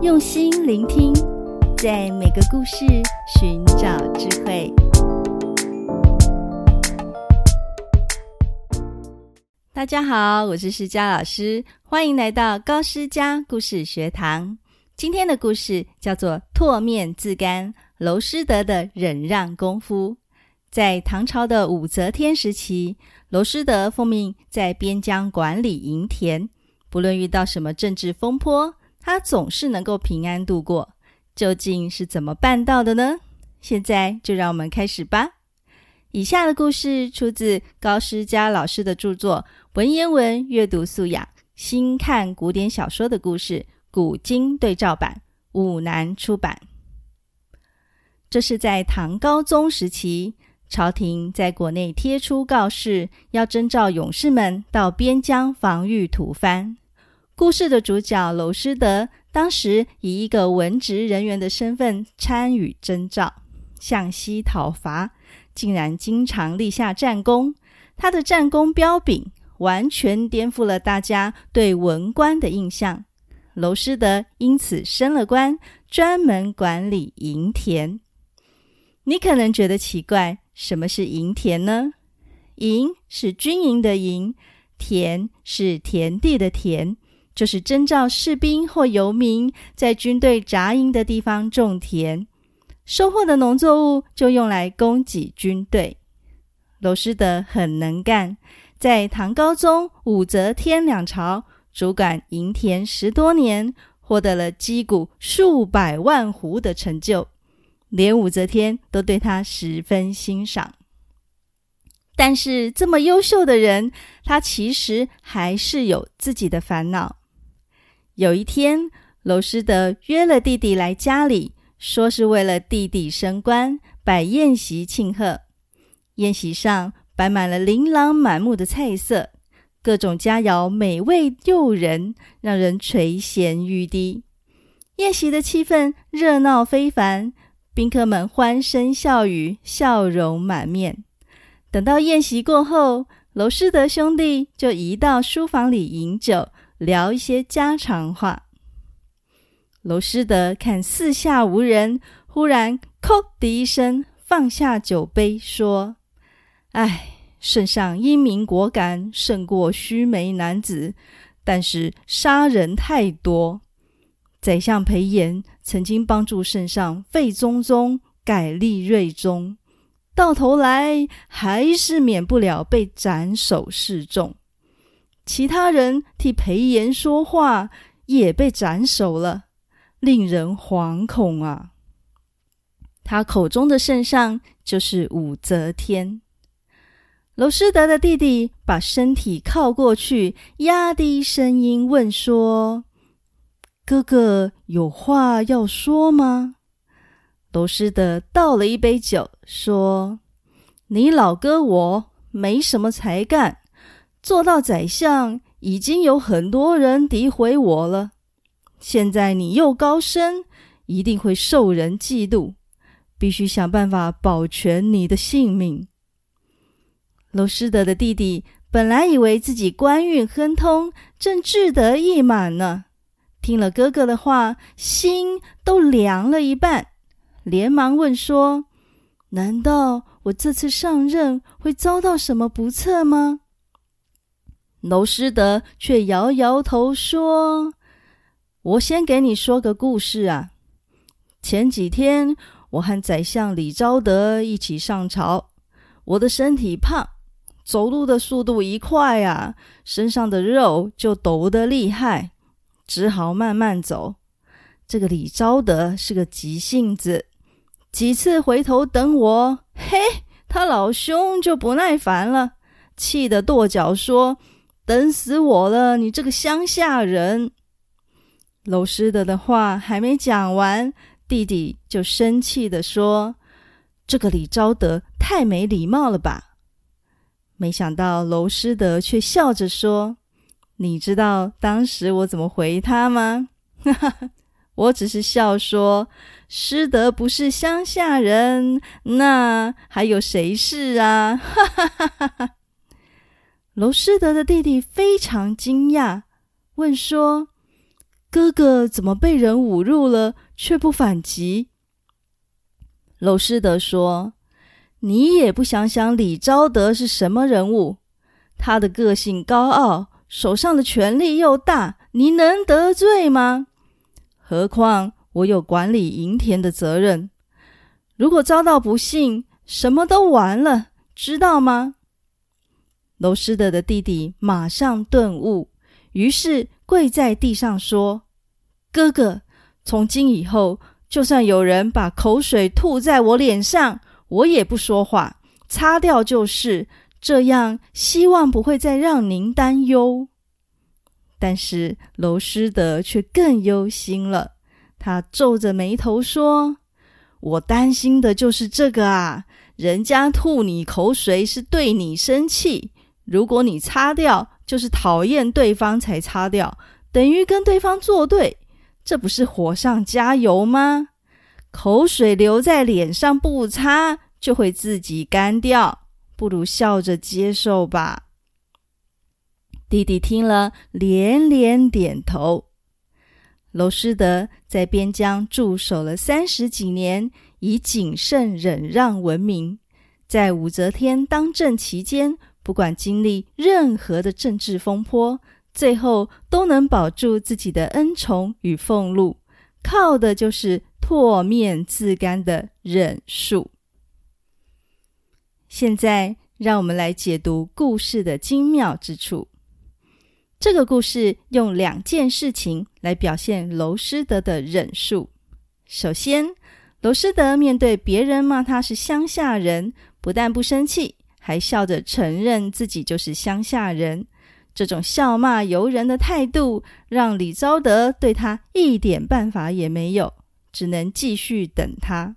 用心聆聽，在每個故事尋找智慧。大家好，我是詩佳老師，歡迎來到高詩佳故事學堂。今天的故事叫做“唾面自乾”，婁師德的忍讓功夫。在唐朝的武則天時期，婁師德奉命在邊疆管理營田，不論遇到什麼政治風波。他總是能夠平安度過，究竟是怎麼辦到的呢？現在就讓我們開始吧。以下的故事出自高詩佳老師的著作《文言文閱讀素養：新看古典小說的故事古今對照版》，五南出版。這是在唐高宗時期，朝廷在國內貼出告示，要徵召勇士們到邊疆防禦吐蕃。故事的主角婁師德，當時以一個文職人員的身份參與徵召，向西討伐，竟然經常立下戰功。他的戰功彪炳，完全顛覆了大家對文官的印象。婁師德因此升了官，專門管理營田。你可能覺得奇怪，什麼是營田呢？營是軍營的營，田是田地的田。就是徵召士兵或游民在軍隊扎營的地方種田，收穫的農作物就用來供給軍隊。婁師德很能幹，在唐高宗、武則天兩朝主管營田十多年，獲得了積穀數百萬斛的成就，連武則天都對他十分欣賞。但是這麼優秀的人，他其實還是有自己的煩惱。有一天，婁師德約了弟弟來家裡，說是為了弟弟升官，擺宴席慶賀。宴席上擺滿了琳琅滿目的菜色，各種佳肴美味誘人，讓人垂涎欲滴。宴席的氣氛熱鬧非凡，賓客們歡聲笑語，笑容滿面。等到宴席過後，婁師德兄弟就移到書房裡飲酒，聊一些家常話。婁師德看四下無人，忽然“咳”的一聲，放下酒杯，說：“唉，聖上英明果敢，勝過須眉男子，但是殺人太多。宰相裴炎曾經幫助聖上廢中宗，改立睿宗。”到頭來還是免不了被斬首示眾，其他人替裴炎說話也被斬首了，令人惶恐啊！他口中的聖上就是武則天。婁師德的弟弟把身體靠過去，壓低聲音問說：“哥哥有話要說嗎？”婁師德倒了一杯酒，說：“你老哥我沒什麼才幹，做到宰相已經有很多人詆毀我了。現在你又高升，一定會受人嫉妒，必須想辦法保全你的性命。”婁師德的弟弟本來以為自己官運亨通，正志得意滿呢，聽了哥哥的話，心都涼了一半。連忙問說：“難道我這次上任會遭到什麼不測嗎？”婁師德卻搖搖頭說：“我先給你說個故事啊。前幾天我和宰相李昭德一起上朝，我的身體胖，走路的速度一快啊，身上的肉就抖得厲害，只好慢慢走。這個李昭德是個急性子。”幾次回頭等我，嘿，他老兄就不耐煩了，氣得跺腳說：“等死我了，你這個鄉下人！”婁師德的話還沒講完，弟弟就生氣地說：“這個李昭德太沒禮貌了吧？”沒想到婁師德卻笑着說：“你知道當時我怎麼回他嗎？”哈哈。我只是笑說：“師德不是鄉下人，那還有誰是啊？”哈，哈哈哈。婁師德的弟弟非常驚訝，問說：“哥哥怎麼被人侮辱了，卻不反擊？”婁師德說：“你也不想想李昭德是什麼人物？他的個性高傲，手上的權力又大，你能得罪嗎？”何況我有管理營田的責任，如果遭到不幸，什麼都完了，知道嗎？婁師德的弟弟馬上頓悟，於是跪在地上說：“哥哥，從今以後，就算有人把口水吐在我臉上，我也不說話，擦掉就是。這樣，希望不會再讓您擔憂。”但是婁師德卻更憂心了，他皺着眉頭說：“我擔心的就是這個啊！人家吐你口水是對你生氣，如果你擦掉，就是討厭對方才擦掉，等於跟對方作對，這不是火上加油嗎？口水留在臉上不擦，就會自己乾掉，不如笑着接受吧。”弟弟聽了，連連點頭。婁師德在邊疆駐守了三十幾年，以謹慎忍讓聞名。在武則天當政期間，不管經歷任何的政治風波，最後都能保住自己的恩寵與俸祿，靠的就是唾面自乾的忍術。現在，讓我們來解讀故事的精妙之處。這個故事用兩件事情來表現婁師德的忍術。首先，婁師德面對別人罵他是鄉下人，不但不生氣，還笑着承認自己就是鄉下人。這種笑罵由人的態度，讓李昭德對他一點辦法也沒有，只能繼續等他。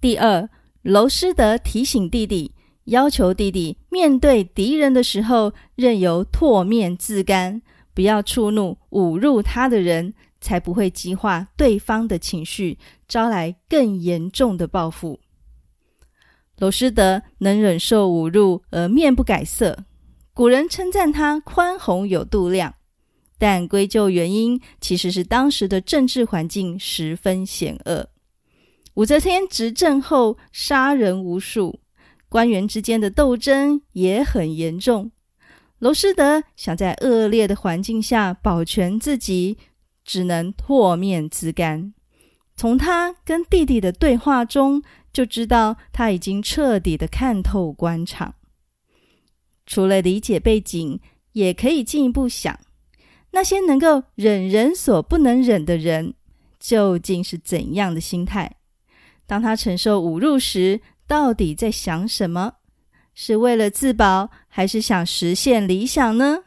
第二，婁師德提醒弟弟。要求弟弟面對敵人的時候，任由唾面自乾，不要觸怒侮辱他的人，才不會激化對方的情緒，招來更嚴重的報復。婁師德能忍受侮辱而面不改色，古人稱讚他寬宏有度量。但歸咎原因，其實是當時的政治環境十分險惡。武則天執政後，殺人無數。官員之間的鬥爭也很嚴重。婁師德想在惡劣的環境下保全自己，只能唾面自乾。從他跟弟弟的對話中，就知道他已經徹底的看透官場。除了理解背景，也可以進一步想：那些能夠忍人所不能忍的人，究竟是怎樣的心態？當他承受侮辱時，到底在想什麼？是為了自保，還是想實現理想呢？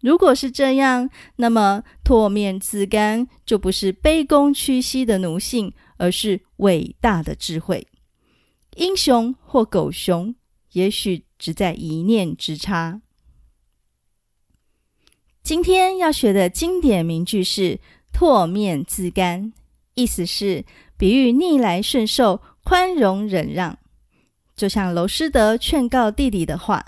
如果是這樣，那麼“唾面自乾”就不是卑躬屈膝的奴性，而是偉大的智慧。英雄或狗熊，也許只在一念之差。今天要學的經典名句是“唾面自乾”，意思是比喻逆來順受、寬容忍讓。就像婁師德勸告弟弟的話，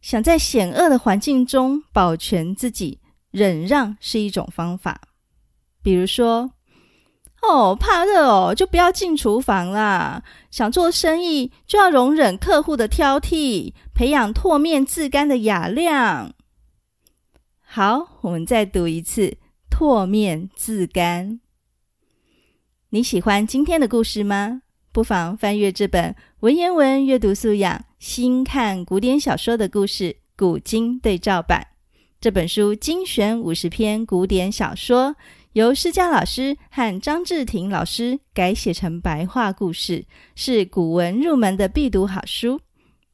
想在險惡的環境中保全自己，忍讓是一種方法。比如說，哦，怕熱哦，就不要進廚房啦。想做生意，就要容忍客戶的挑剔，培養唾面自乾的雅量。好，我們再讀一次，唾面自乾。你喜歡今天的故事嗎？不妨翻閱這本《文言文閱讀素養：新看古典小說的故事古今對照版》。這本書精選五十篇古典小說，由詩佳老師和張至廷老師改寫成白話故事，是古文入門的必讀好書。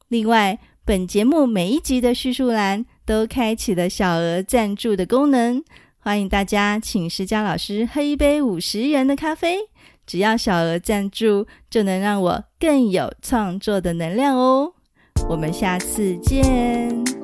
另外，本節目每一集的敘述欄都開啟了小額贊助的功能，歡迎大家請詩佳老師喝一杯五十元的咖啡。只要小額贊助，就能讓我更有創作的能量哦！我們下次見。